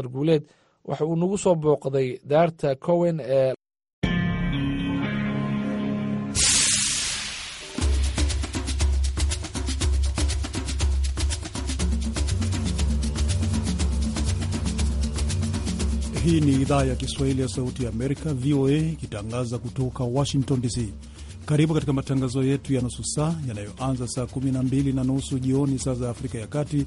guuleed waxa uu nagu soo booqday daarta cowen ee Hii ni idhaa ya Kiswahili ya Sauti ya Amerika, VOA, ikitangaza kutoka Washington DC. Karibu katika matangazo yetu ya nusu saa yanayoanza saa 12 na nusu jioni saa za Afrika ya Kati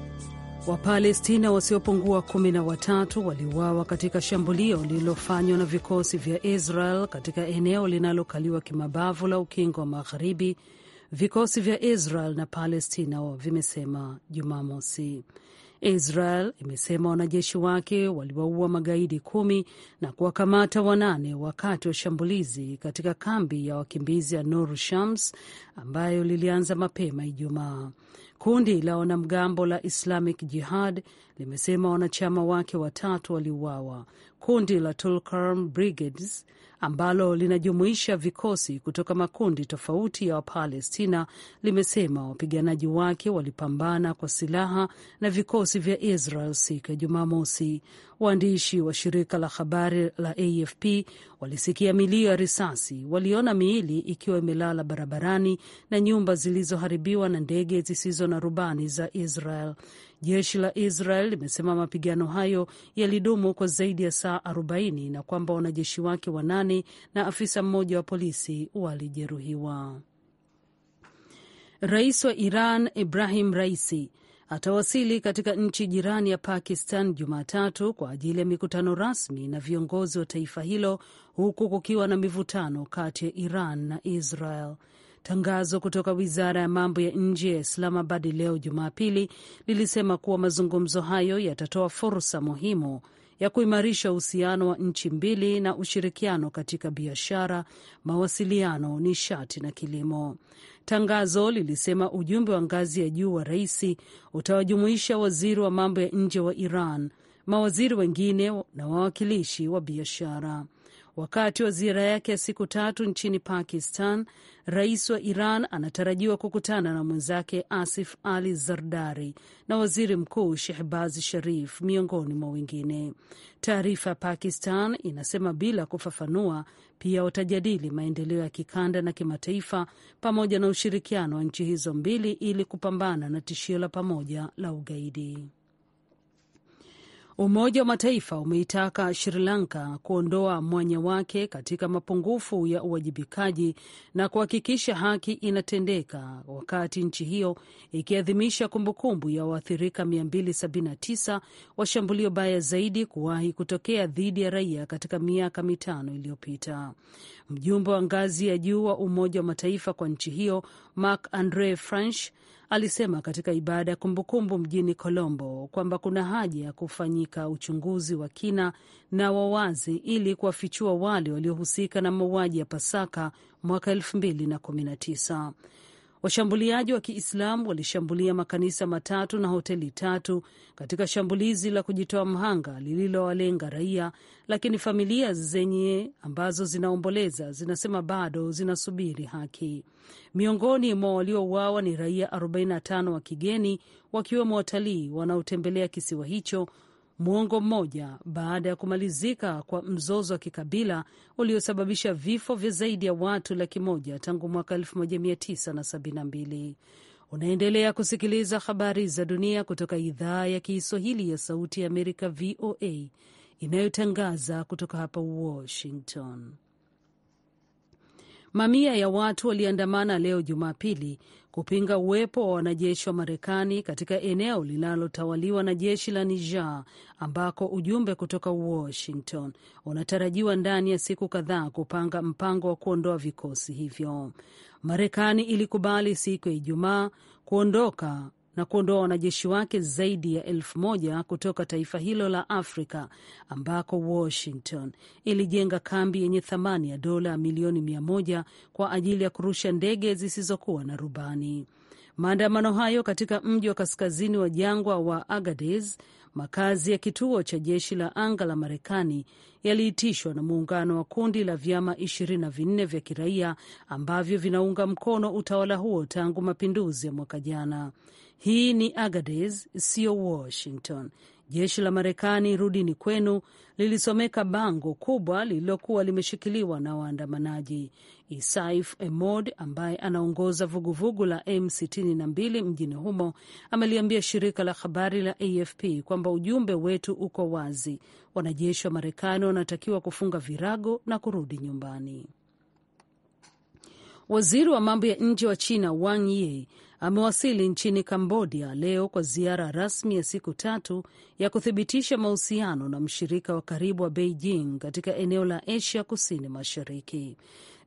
Wapalestina wasiopungua kumi na watatu waliuawa katika shambulio lililofanywa na vikosi vya Israel katika eneo linalokaliwa kimabavu la Ukingo wa Magharibi, vikosi vya Israel na Palestina vimesema Jumamosi. Israel imesema wanajeshi wake waliwaua magaidi kumi na kuwakamata wanane wakati wa shambulizi katika kambi ya wakimbizi ya Nur Shams ambayo lilianza mapema Ijumaa. Kundi la wanamgambo la Islamic Jihad limesema wanachama wake watatu waliuawa Kundi la Tulkarm Brigades ambalo linajumuisha vikosi kutoka makundi tofauti ya Wapalestina limesema wapiganaji wake walipambana kwa silaha na vikosi vya Israel siku ya Jumamosi. Waandishi wa shirika la habari la AFP walisikia milio ya risasi, waliona miili ikiwa imelala barabarani na nyumba zilizoharibiwa na ndege zisizo na rubani za Israel. Jeshi la Israel limesema mapigano hayo yalidumu kwa zaidi ya saa 40 na kwamba wanajeshi wake wanane na afisa mmoja wa polisi walijeruhiwa. Rais wa Iran Ibrahim Raisi atawasili katika nchi jirani ya Pakistan Jumatatu kwa ajili ya mikutano rasmi na viongozi wa taifa hilo huku kukiwa na mivutano kati ya Iran na Israel. Tangazo kutoka wizara ya mambo ya nje ya Islamabad leo Jumapili lilisema kuwa mazungumzo hayo yatatoa fursa muhimu ya kuimarisha uhusiano wa nchi mbili na ushirikiano katika biashara, mawasiliano, nishati na kilimo. Tangazo lilisema ujumbe wa ngazi ya juu wa rais utawajumuisha waziri wa mambo ya nje wa Iran, mawaziri wengine na wawakilishi wa biashara. Wakati wa ziara yake ya siku tatu nchini Pakistan, rais wa Iran anatarajiwa kukutana na mwenzake Asif Ali Zardari na waziri mkuu Shehbaz Sharif, miongoni mwa wengine. Taarifa ya Pakistan inasema bila kufafanua pia watajadili maendeleo ya kikanda na kimataifa pamoja na ushirikiano wa nchi hizo mbili ili kupambana na tishio la pamoja la ugaidi. Umoja wa Mataifa umeitaka Sri Lanka kuondoa mwanya wake katika mapungufu ya uwajibikaji na kuhakikisha haki inatendeka, wakati nchi hiyo ikiadhimisha kumbukumbu ya waathirika 279 wa shambulio baya zaidi kuwahi kutokea dhidi ya raia katika miaka mitano iliyopita. Mjumbe wa ngazi ya juu wa Umoja wa Mataifa kwa nchi hiyo Marc Andre Franch alisema katika ibada ya kumbukumbu mjini Colombo kwamba kuna haja ya kufanyika uchunguzi wa kina na wa wazi ili kuwafichua wale waliohusika na mauaji ya Pasaka mwaka 219 Washambuliaji wa Kiislamu walishambulia makanisa matatu na hoteli tatu katika shambulizi la kujitoa mhanga lililowalenga raia, lakini familia zenye ambazo zinaomboleza zinasema bado zinasubiri haki. Miongoni mwa waliouawa ni raia 45 wa kigeni, wakiwemo watalii wanaotembelea kisiwa hicho muongo mmoja baada ya kumalizika kwa mzozo wa kikabila uliosababisha vifo vya zaidi ya watu laki moja tangu mwaka 1972. Unaendelea kusikiliza habari za dunia kutoka idhaa ya Kiswahili ya Sauti ya Amerika, VOA, inayotangaza kutoka hapa Washington. Mamia ya watu waliandamana leo Jumapili kupinga uwepo wa wanajeshi wa Marekani katika eneo linalotawaliwa na jeshi la Niger, ambako ujumbe kutoka Washington unatarajiwa ndani ya siku kadhaa kupanga mpango wa kuondoa vikosi hivyo. Marekani ilikubali siku ya Ijumaa kuondoka na kuondoa wanajeshi wake zaidi ya elfu moja kutoka taifa hilo la Afrika ambako Washington ilijenga kambi yenye thamani ya dola milioni mia moja kwa ajili ya kurusha ndege zisizokuwa na rubani. Maandamano hayo katika mji wa kaskazini wa jangwa wa Agadez, makazi ya kituo cha jeshi la anga la Marekani, yaliitishwa na muungano wa kundi la vyama ishirini na vinne vya kiraia ambavyo vinaunga mkono utawala huo tangu mapinduzi ya mwaka jana. Hii ni Agadez, isiyo Washington. Jeshi la Marekani, rudini kwenu, lilisomeka bango kubwa lililokuwa limeshikiliwa na waandamanaji. Isaif Emod ambaye anaongoza vuguvugu la M62 mjini humo ameliambia shirika la habari la AFP kwamba ujumbe wetu uko wazi, wanajeshi wa Marekani wanatakiwa kufunga virago na kurudi nyumbani. Waziri wa mambo ya nje wa China Wang Yi amewasili nchini Kambodia leo kwa ziara rasmi ya siku tatu ya kuthibitisha mahusiano na mshirika wa karibu wa Beijing katika eneo la Asia Kusini Mashariki.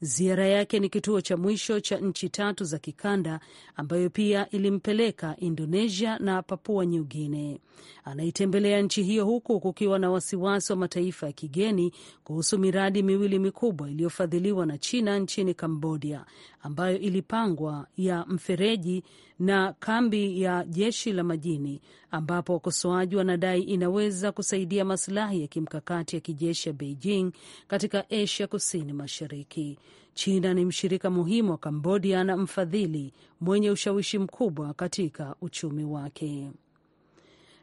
Ziara yake ni kituo cha mwisho cha nchi tatu za kikanda ambayo pia ilimpeleka Indonesia na Papua New Guinea. Anaitembelea nchi hiyo huku kukiwa na wasiwasi wa mataifa ya kigeni kuhusu miradi miwili mikubwa iliyofadhiliwa na China nchini Kambodia ambayo ilipangwa ya mfereji na kambi ya jeshi la majini, ambapo wakosoaji wanadai inaweza kusaidia masilahi ya kimkakati ya kijeshi ya Beijing katika Asia Kusini Mashariki. China ni mshirika muhimu wa Kambodia na mfadhili mwenye ushawishi mkubwa katika uchumi wake.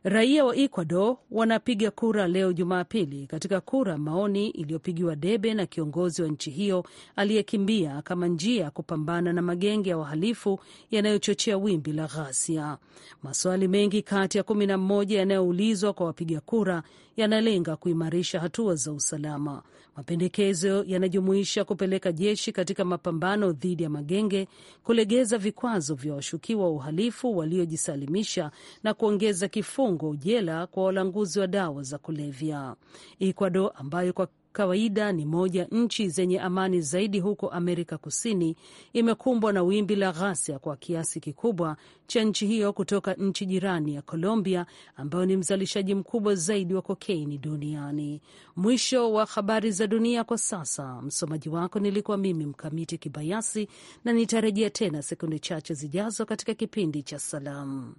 Raia wa Ecuador wanapiga kura leo Jumapili katika kura maoni iliyopigiwa debe na kiongozi wa nchi hiyo aliyekimbia kama njia ya kupambana na magenge ya wahalifu yanayochochea wimbi la ghasia. Maswali mengi kati ya kumi na mmoja yanayoulizwa kwa wapiga kura yanalenga kuimarisha hatua za usalama. Mapendekezo yanajumuisha kupeleka jeshi katika mapambano dhidi ya magenge, kulegeza vikwazo vya washukiwa wa uhalifu waliojisalimisha na kuongeza kifungo jela kwa walanguzi wa dawa za kulevya. Ecuador ambayo kwa kawaida ni moja nchi zenye amani zaidi huko Amerika Kusini imekumbwa na wimbi la ghasia kwa kiasi kikubwa cha nchi hiyo kutoka nchi jirani ya Colombia ambayo ni mzalishaji mkubwa zaidi wa kokeini duniani. Mwisho wa habari za dunia kwa sasa. Msomaji wako nilikuwa mimi Mkamiti Kibayasi, na nitarejea tena sekunde chache zijazo katika kipindi cha Salamu.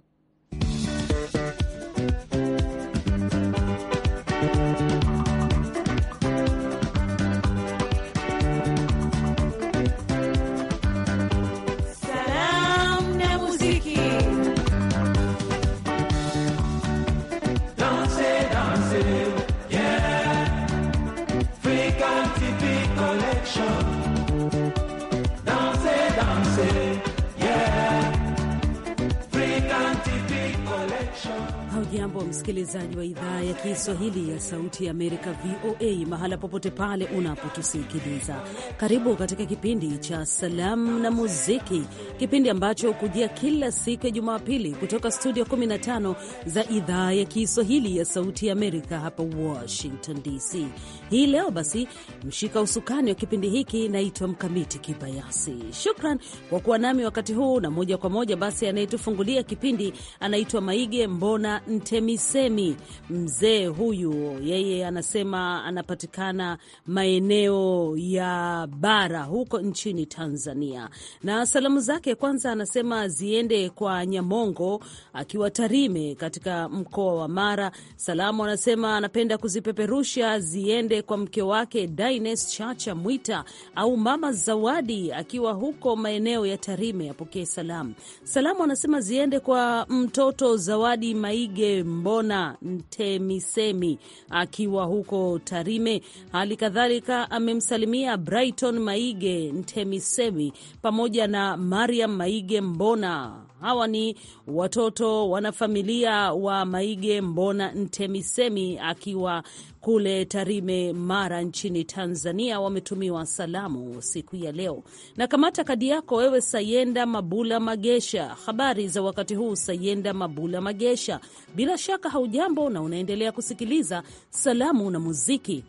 Hujambo msikilizaji wa idhaa ya Kiswahili ya Sauti ya Amerika, VOA, mahala popote pale unapotusikiliza. Karibu katika kipindi cha Salamu na Muziki, kipindi ambacho hukujia kila siku ya Jumapili kutoka studio 15 za idhaa ya Kiswahili ya Sauti ya Amerika hapa Washington DC. Hii leo basi, mshika usukani wa kipindi hiki naitwa Mkamiti Kibayasi. Shukran kwa kuwa nami wakati huu, na moja kwa moja basi anayetufungulia kipindi anaitwa Maige Mbona Nte temisemi Mzee huyu yeye anasema anapatikana maeneo ya bara huko nchini Tanzania, na salamu zake kwanza anasema ziende kwa Nyamongo akiwa Tarime katika mkoa wa Mara. Salamu anasema anapenda kuzipeperusha ziende kwa mke wake Dines Chacha Mwita au Mama Zawadi akiwa huko maeneo ya Tarime, apokee salamu. Salamu anasema ziende kwa mtoto Zawadi Maige Mbona Ntemisemi akiwa huko Tarime. Hali kadhalika amemsalimia Brighton Maige Ntemisemi pamoja na Mariam Maige Mbona Hawa ni watoto wanafamilia wa Maige Mbona Ntemisemi akiwa kule Tarime, Mara nchini Tanzania, wametumiwa salamu siku ya leo. Na kamata kadi yako wewe, Sayenda Mabula Magesha. Habari za wakati huu, Sayenda Mabula Magesha? Bila shaka haujambo na unaendelea kusikiliza salamu na muziki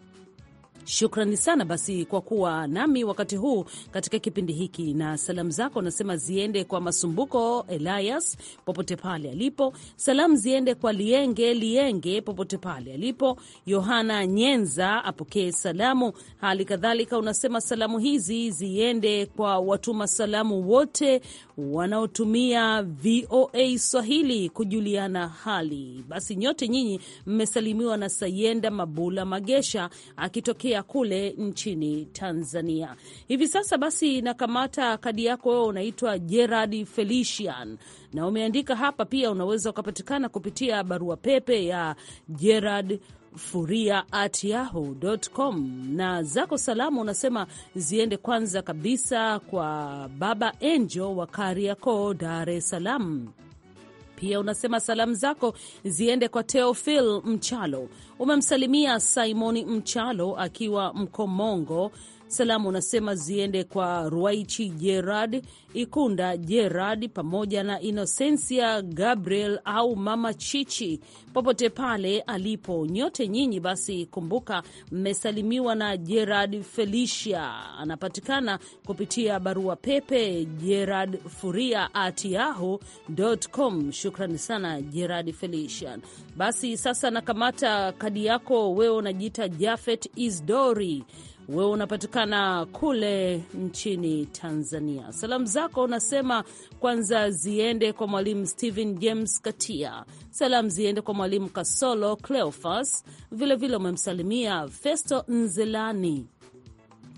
Shukrani sana basi kwa kuwa nami wakati huu katika kipindi hiki, na salamu zako nasema ziende kwa Masumbuko Elias popote pale alipo. Salamu ziende kwa Lienge Lienge popote pale alipo. Yohana Nyenza apokee salamu. Hali kadhalika unasema salamu hizi ziende kwa watuma salamu wote wanaotumia VOA Swahili kujuliana hali. Basi nyote nyinyi mmesalimiwa na Sayenda Mabula Magesha akitokea kuelekea kule nchini Tanzania hivi sasa. Basi nakamata kadi yako wewe, unaitwa Gerard Felician na umeandika hapa pia. Unaweza ukapatikana kupitia barua pepe ya Gerard furia at yahoo.com na zako salamu unasema ziende kwanza kabisa kwa Baba Enjo wa Kariakoo, Dar es Salaam. Pia unasema salamu zako ziende kwa Teofil Mchalo, umemsalimia Simoni Mchalo akiwa Mkomongo Salamu unasema ziende kwa Ruaichi Gerard, Ikunda Gerard pamoja na Inosensia Gabriel au Mama Chichi popote pale alipo. Nyote nyinyi basi, kumbuka mmesalimiwa na Gerard Felicia, anapatikana kupitia barua pepe Gerard Furia at yahoo.com. Shukrani sana Gerard Felicia. Basi sasa nakamata kadi yako, wewe unajiita Jafet Isdori wewe unapatikana kule nchini Tanzania. Salamu zako unasema kwanza ziende kwa mwalimu Stephen James Katia, salamu ziende kwa mwalimu Kasolo Cleofas, vilevile umemsalimia Festo Nzelani.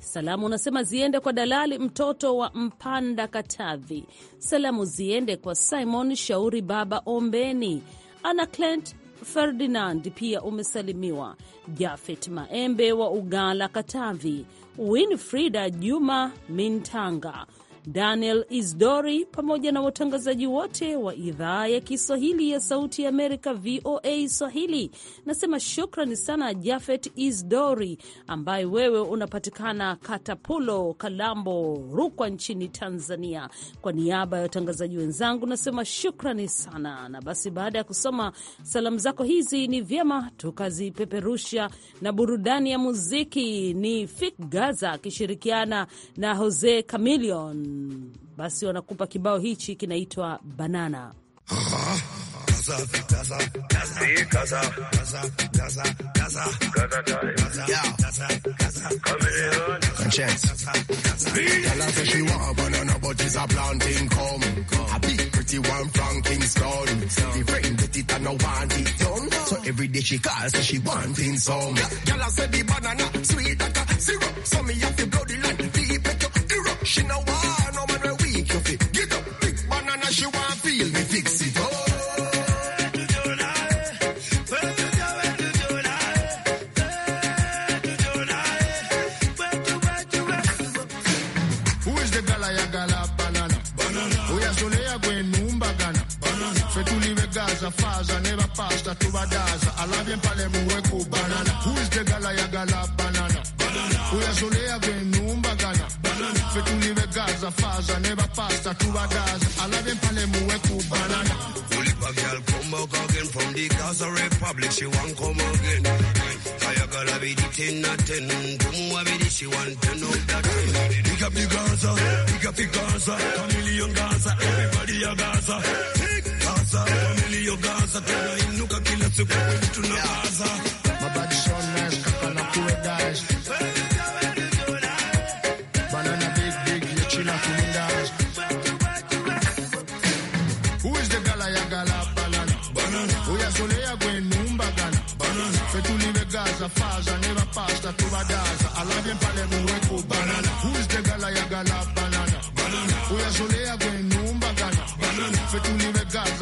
Salamu unasema ziende kwa dalali mtoto wa Mpanda Katavi. Salamu ziende kwa Simon Shauri, baba Ombeni, ana Clent Ferdinand pia umesalimiwa, Jafet Maembe wa Ugala, Katavi, Winfrida Juma Mintanga Daniel Isdori pamoja na watangazaji wote wa idhaa ya Kiswahili ya Sauti ya Amerika, VOA Swahili. Nasema shukrani sana Jafet Isdori ambaye wewe unapatikana Katapulo, Kalambo, Rukwa nchini Tanzania. Kwa niaba ya watangazaji wenzangu nasema shukrani sana. Na basi baada ya kusoma salamu zako hizi, ni vyema tukazipeperusha na burudani ya muziki. Ni Fik Gaza akishirikiana na Jose Camilion Mm, basi wanakupa kibao hichi kinaitwa Banana. banana Gaza, Gaza, wamilio Gaza, tunainuka kila siku tunagaza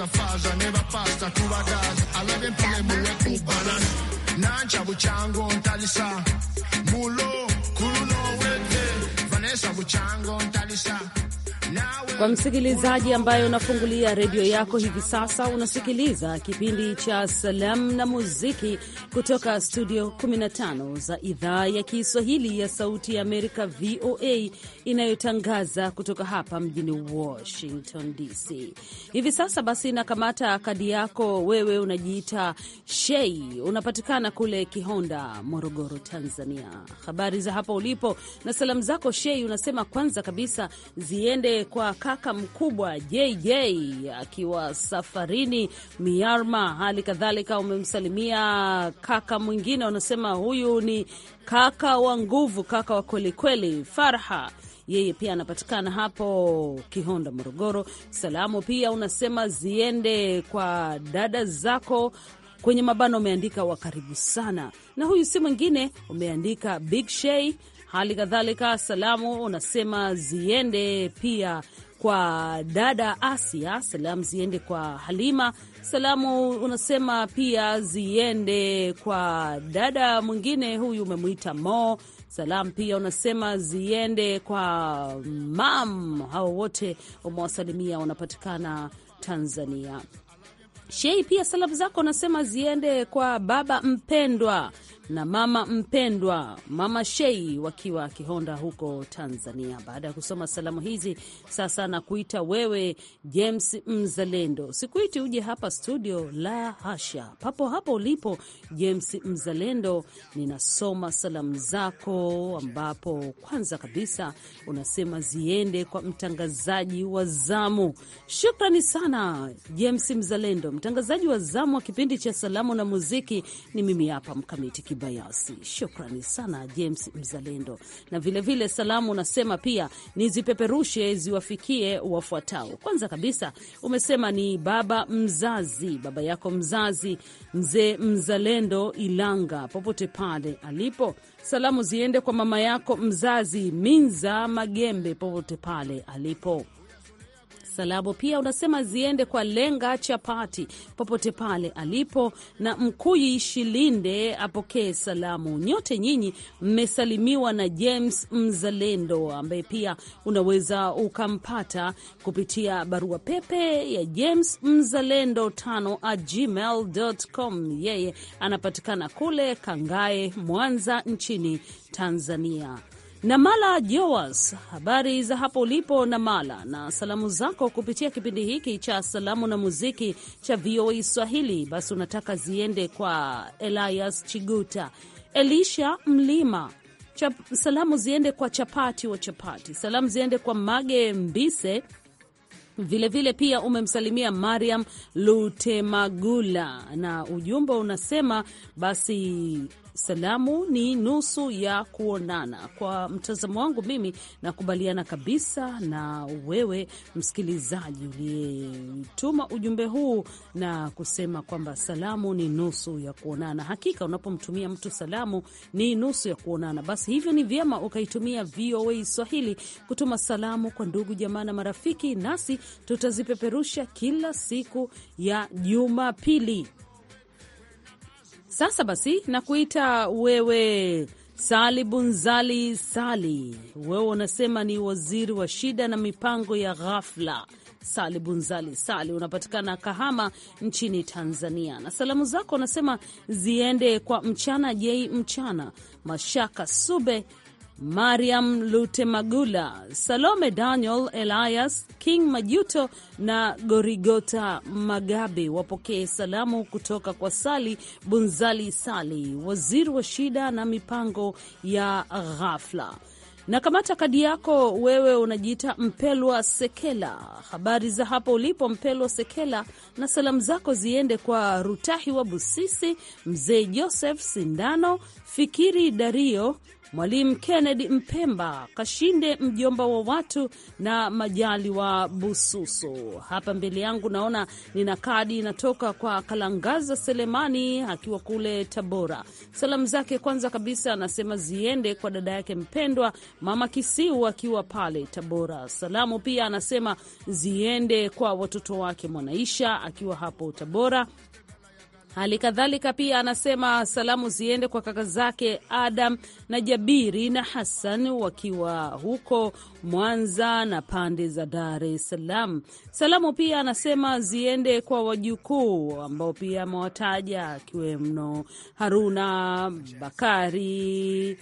I never passed a Cuba gas. I love him, play, move, poop, banana. Nancha, buchango, talisa. Kwa msikilizaji ambaye unafungulia redio yako hivi sasa, unasikiliza kipindi cha Salamu na Muziki kutoka studio 15 za idhaa ya Kiswahili ya Sauti ya Amerika, VOA, inayotangaza kutoka hapa mjini Washington DC hivi sasa. Basi nakamata kadi yako, wewe unajiita Shei, unapatikana kule Kihonda, Morogoro, Tanzania. Habari za hapo ulipo na salamu zako Shei, unasema kwanza kabisa ziende kwa baraka mkubwa JJ akiwa safarini Miarma. Hali kadhalika umemsalimia kaka mwingine, wanasema huyu ni kaka wa nguvu, kaka wa kwelikweli, Farha yeye pia anapatikana hapo Kihonda, Morogoro. Salamu pia unasema ziende kwa dada zako kwenye mabano, umeandika wa karibu sana, na huyu si mwingine, umeandika Big Shay. Hali kadhalika salamu unasema ziende pia kwa dada Asia, salamu ziende kwa Halima, salamu unasema pia ziende kwa dada mwingine huyu umemwita Mo, salamu pia unasema ziende kwa mam, hao wote umewasalimia wanapatikana Tanzania. Shei, pia salamu zako nasema ziende kwa baba mpendwa na mama mpendwa, mama Shei wakiwa Kihonda huko Tanzania. Baada ya kusoma salamu hizi, sasa nakuita wewe James Mzalendo. Sikuiti uje hapa studio, la hasha. Papo hapo ulipo James Mzalendo, ninasoma salamu zako, ambapo kwanza kabisa unasema ziende kwa mtangazaji wa zamu. Shukrani sana James Mzalendo Mtangazaji wa zamu wa kipindi cha salamu na muziki ni mimi hapa Mkamiti Kibayasi. Shukrani sana James Mzalendo, na vilevile vile salamu nasema pia nizipeperushe ziwafikie wafuatao. Kwanza kabisa umesema ni baba mzazi, baba yako mzazi mzee Mzalendo Ilanga, popote pale alipo. Salamu ziende kwa mama yako mzazi Minza Magembe, popote pale alipo Salabo pia unasema ziende kwa Lenga Chapati popote pale alipo, na Mkuyi Shilinde apokee salamu. Nyote nyinyi mmesalimiwa na James Mzalendo ambaye pia unaweza ukampata kupitia barua pepe ya James Mzalendo tano at gmail.com. Yeye anapatikana kule Kangae, Mwanza nchini Tanzania. Namala Joas, habari za hapo ulipo Namala, na salamu zako kupitia kipindi hiki cha salamu na muziki cha VOA e Swahili, basi unataka ziende kwa Elias Chiguta, Elisha Mlima, salamu ziende kwa Chapati wa Chapati, salamu ziende kwa Mage Mbise Vilevile vile pia umemsalimia Mariam Lutemagula na ujumbe unasema basi salamu ni nusu ya kuonana. Kwa mtazamo wangu mimi, nakubaliana kabisa na wewe msikilizaji uliyetuma ujumbe huu na kusema kwamba salamu ni nusu ya kuonana. Hakika unapomtumia mtu salamu ni nusu ya kuonana, basi hivyo ni vyema ukaitumia VOA Swahili kutuma salamu kwa ndugu, jamaa na marafiki, nasi tutazipeperusha kila siku ya Jumapili. Sasa basi, nakuita wewe Sali Bunzali Sali, wewe unasema ni waziri wa shida na mipango ya ghafla. Sali Bunzali Sali, unapatikana Kahama nchini Tanzania, na salamu zako unasema ziende kwa Mchana Jei Mchana, Mashaka Sube Mariam Lutemagula, Salome Daniel, Elias King Majuto na Gorigota Magabe wapokee salamu kutoka kwa Sali Bunzali Sali, waziri wa shida na mipango ya ghafla na kamata kadi yako. Wewe unajiita Mpelwa Sekela. Habari za hapo ulipo Mpelwa Sekela, na salamu zako ziende kwa Rutahi wa Busisi, mzee Joseph Sindano, Fikiri Dario Mwalimu Kennedy Mpemba Kashinde, mjomba wa watu na Majali wa Bususu. Hapa mbele yangu naona nina kadi inatoka kwa Kalangaza Selemani akiwa kule Tabora. Salamu zake kwanza kabisa anasema ziende kwa dada yake mpendwa Mama Kisiu akiwa pale Tabora. Salamu pia anasema ziende kwa watoto wake Mwanaisha akiwa hapo Tabora. Hali kadhalika pia anasema salamu ziende kwa kaka zake Adam na Jabiri na Hassan wakiwa huko Mwanza na pande za Dar es Salaam. Salamu pia anasema ziende kwa wajukuu ambao pia amewataja akiwemo Haruna Bakari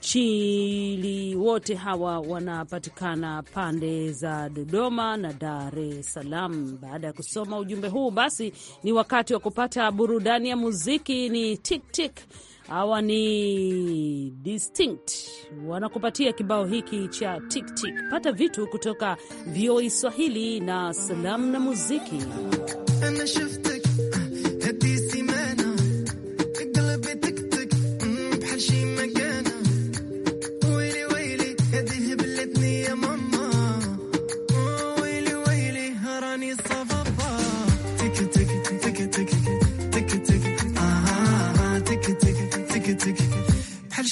Chili wote hawa wanapatikana pande za Dodoma na Dar es Salaam. Baada ya kusoma ujumbe huu, basi ni wakati wa kupata burudani ya muziki. Ni Tik Tik, hawa ni Distinct, wanakupatia kibao hiki cha Tik Tik. Pata vitu kutoka VOA Swahili na salamu na muziki.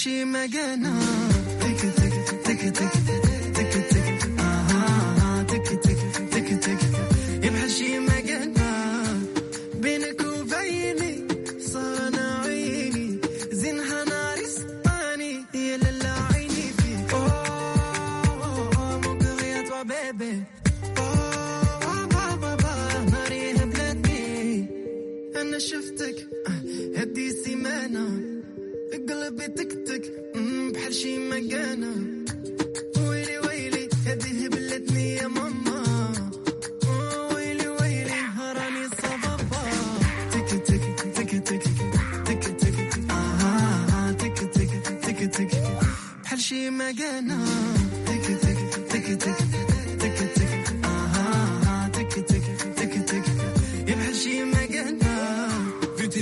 she make it Take it, take it, take it, take it.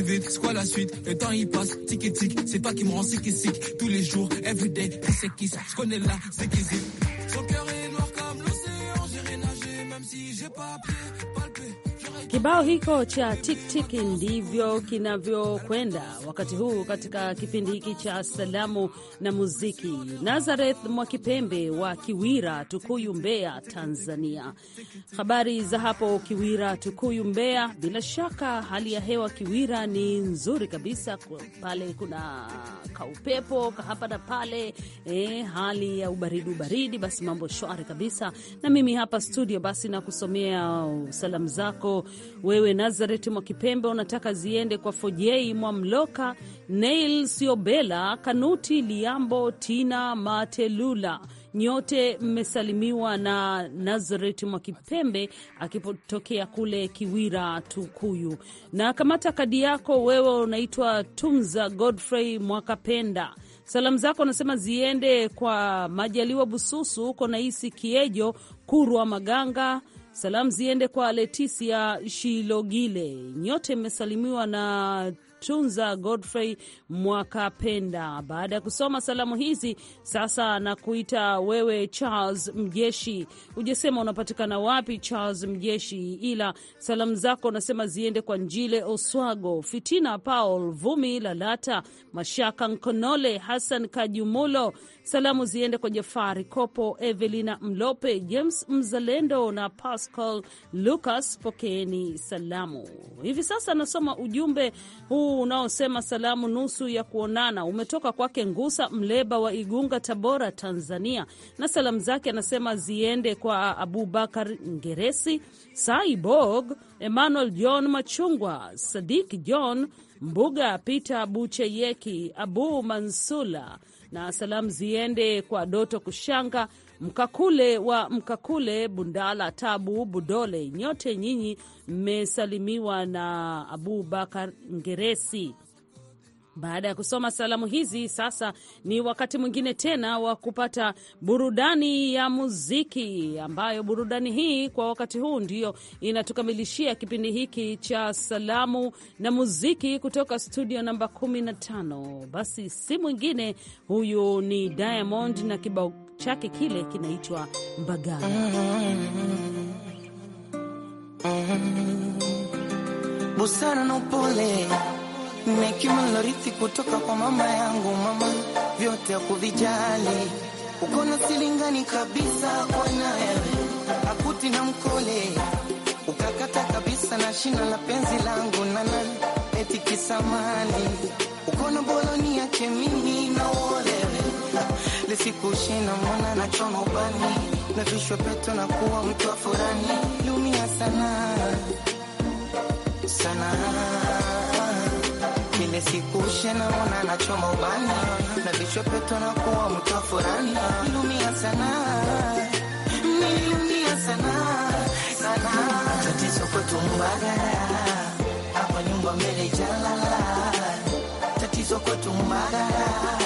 vite, c'est quoi la suite Le temps il passe, tic et tic, c'est toi qui me rends sick et sick Tous les jours, everyday, c'est qui ça Je connais là, c'est qui Son cœur Kibao hiko cha tiktiki ndivyo kinavyokwenda wakati huu katika kipindi hiki cha salamu na muziki. Nazareth Mwakipembe wa Kiwira, Tukuyu, Mbeya, Tanzania. Habari za hapo Kiwira, Tukuyu, Mbeya. Bila shaka hali ya hewa Kiwira ni nzuri kabisa, pale kuna kaupepo kahapa na pale, e, hali ya ubaridi ubaridi, basi mambo shwari kabisa. Na mimi hapa studio, basi nakusomea salamu zako wewe nazaret Mwakipembe unataka ziende kwa Fojei Mwamloka, Neil Siobela, Kanuti Liambo, Tina Matelula. Nyote mmesalimiwa na nazaret Mwakipembe akipotokea kule Kiwira, Tukuyu. Na kamata kadi yako wewe, unaitwa Tumza Godfrey Mwakapenda. Salamu zako anasema ziende kwa Majaliwa Bususu, huko Naisi Kiejo, Kurwa Maganga Salamu ziende kwa Leticia Shilogile, nyote mmesalimiwa na tunza Godfrey Mwakapenda. Baada ya kusoma salamu hizi, sasa nakuita wewe Charles Mjeshi. Ujasema unapatikana wapi Charles Mjeshi, ila salamu zako unasema ziende kwa Njile Oswago, Fitina Paul Vumi, Lalata Mashaka Nkonole, Hassan Kajumulo. Salamu ziende kwa Jafari Kopo, Evelina Mlope, James Mzalendo na Pascal Lucas. Pokeeni salamu. Hivi sasa nasoma ujumbe huu huu unaosema salamu nusu ya kuonana umetoka kwake Ngusa Mleba wa Igunga, Tabora, Tanzania, na salamu zake anasema ziende kwa Abubakar Ngeresi, Saibog, Emmanuel John Machungwa, Sadik John Mbuga, Peter Bucheyeki, Abu Mansula, na salamu ziende kwa Doto Kushanga Mkakule wa Mkakule, Bundala, Tabu Budole, nyote nyinyi mmesalimiwa na Abubakar Ngeresi. Baada ya kusoma salamu hizi, sasa ni wakati mwingine tena wa kupata burudani ya muziki, ambayo burudani hii kwa wakati huu ndiyo inatukamilishia kipindi hiki cha salamu na muziki kutoka studio namba 15. Basi si mwingine huyu ni Diamond na kibao chake kile kinaitwa Mbagala. Busara na upole mekima lorithi kutoka kwa mama yangu, mama vyote akuvijali, uko na silingani kabisa kwa naye akuti na mkole ukakata kabisa na shina la penzi langu nana eti kisamani uko na boloni yake na wole lisikushina mwana na choma ubani na vishwa peto na kuwa mtu wa furani liumia sana sana ile sikushina mwana na choma ubani na vishwa peto na kuwa mtu wa furani liumia sana niliumia sana sana tatizo kwetu mbagala hapa nyumba mbele jalala tatizo kwetu mbagala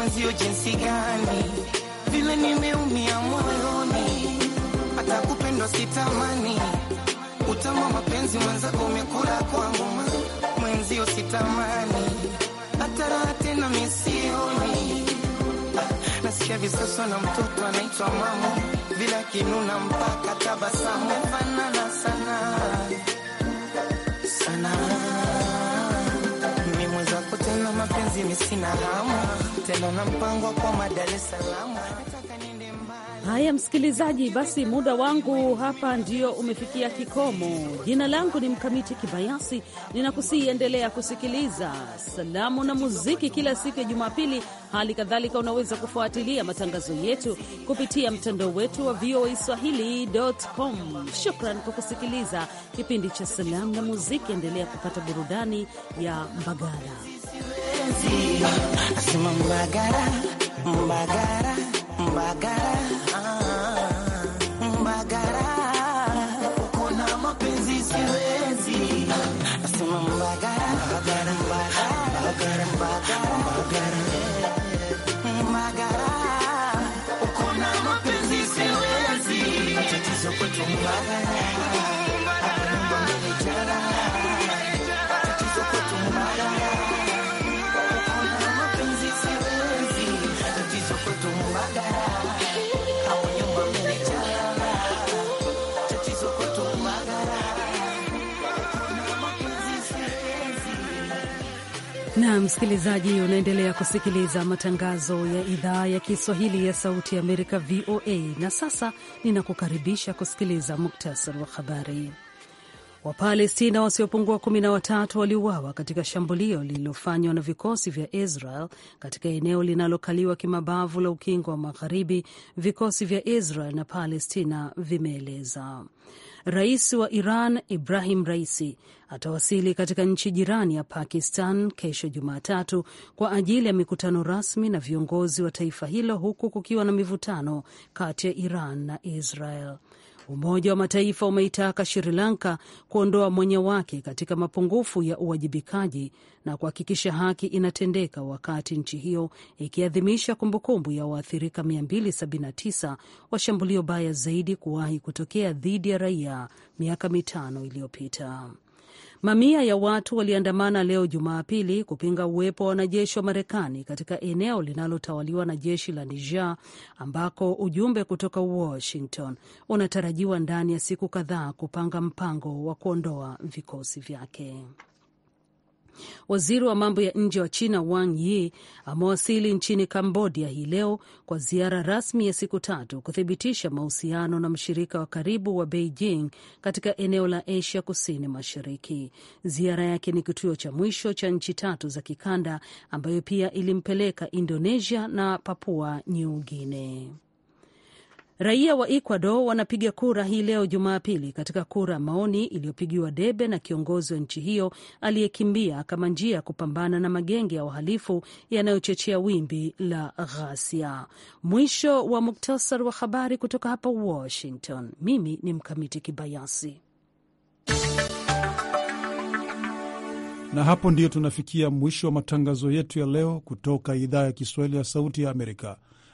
mwenzio jinsi gani, vile nimeumia moyoni, hata kupendwa sitamani. Utamu mapenzi mwanzako umekula kwangu, mwenzio sitamani, hata raha tena misioni. Nasikia visoso na mtoto anaitwa mamo, vile akinuna mpaka tabasamu fanana sana mapenzi misina hamu tena, na mpango kwa madare salama. Haya, msikilizaji, basi muda wangu hapa ndio umefikia kikomo. Jina langu ni Mkamiti Kibayasi, ninakusiendelea endelea kusikiliza salamu na muziki kila siku ya Jumapili. Hali kadhalika unaweza kufuatilia matangazo yetu kupitia mtandao wetu wa VOA Swahili.com. Shukran kwa kusikiliza kipindi cha salamu na muziki. Endelea kupata burudani ya Mbagala. Mbagara, Mbagara, Mbagara, ah. na msikilizaji, unaendelea kusikiliza matangazo ya idhaa ya Kiswahili ya Sauti ya Amerika, VOA. Na sasa ninakukaribisha kusikiliza muktasari wa habari. Wapalestina wasiopungua kumi na watatu waliuawa katika shambulio lililofanywa na vikosi vya Israel katika eneo linalokaliwa kimabavu la Ukingo wa Magharibi, vikosi vya Israel na Palestina vimeeleza Rais wa Iran Ibrahim Raisi atawasili katika nchi jirani ya Pakistan kesho Jumatatu kwa ajili ya mikutano rasmi na viongozi wa taifa hilo huku kukiwa na mivutano kati ya Iran na Israel. Umoja wa Mataifa umeitaka Sri Lanka kuondoa mwenye wake katika mapungufu ya uwajibikaji na kuhakikisha haki inatendeka, wakati nchi hiyo ikiadhimisha kumbukumbu ya waathirika 279 wa shambulio baya zaidi kuwahi kutokea dhidi ya raia miaka mitano iliyopita. Mamia ya watu waliandamana leo Jumapili kupinga uwepo wa wanajeshi wa Marekani katika eneo linalotawaliwa na jeshi la Niger, ambako ujumbe kutoka Washington unatarajiwa ndani ya siku kadhaa kupanga mpango wa kuondoa vikosi vyake. Waziri wa mambo ya nje wa China Wang Yi amewasili nchini Kambodia hii leo kwa ziara rasmi ya siku tatu kuthibitisha mahusiano na mshirika wa karibu wa Beijing katika eneo la Asia kusini mashariki. Ziara yake ni kituo cha mwisho cha nchi tatu za kikanda ambayo pia ilimpeleka Indonesia na Papua New Guinea. Raia wa Ecuador wanapiga kura hii leo Jumapili katika kura ya maoni iliyopigiwa debe na kiongozi wa nchi hiyo aliyekimbia kama njia ya kupambana na magenge ya uhalifu yanayochochea wimbi la ghasia. Mwisho wa muktasar wa habari kutoka hapa Washington. Mimi ni Mkamiti Kibayasi. Na hapo ndiyo tunafikia mwisho wa matangazo yetu ya leo kutoka idhaa ya Kiswahili ya Sauti ya Amerika.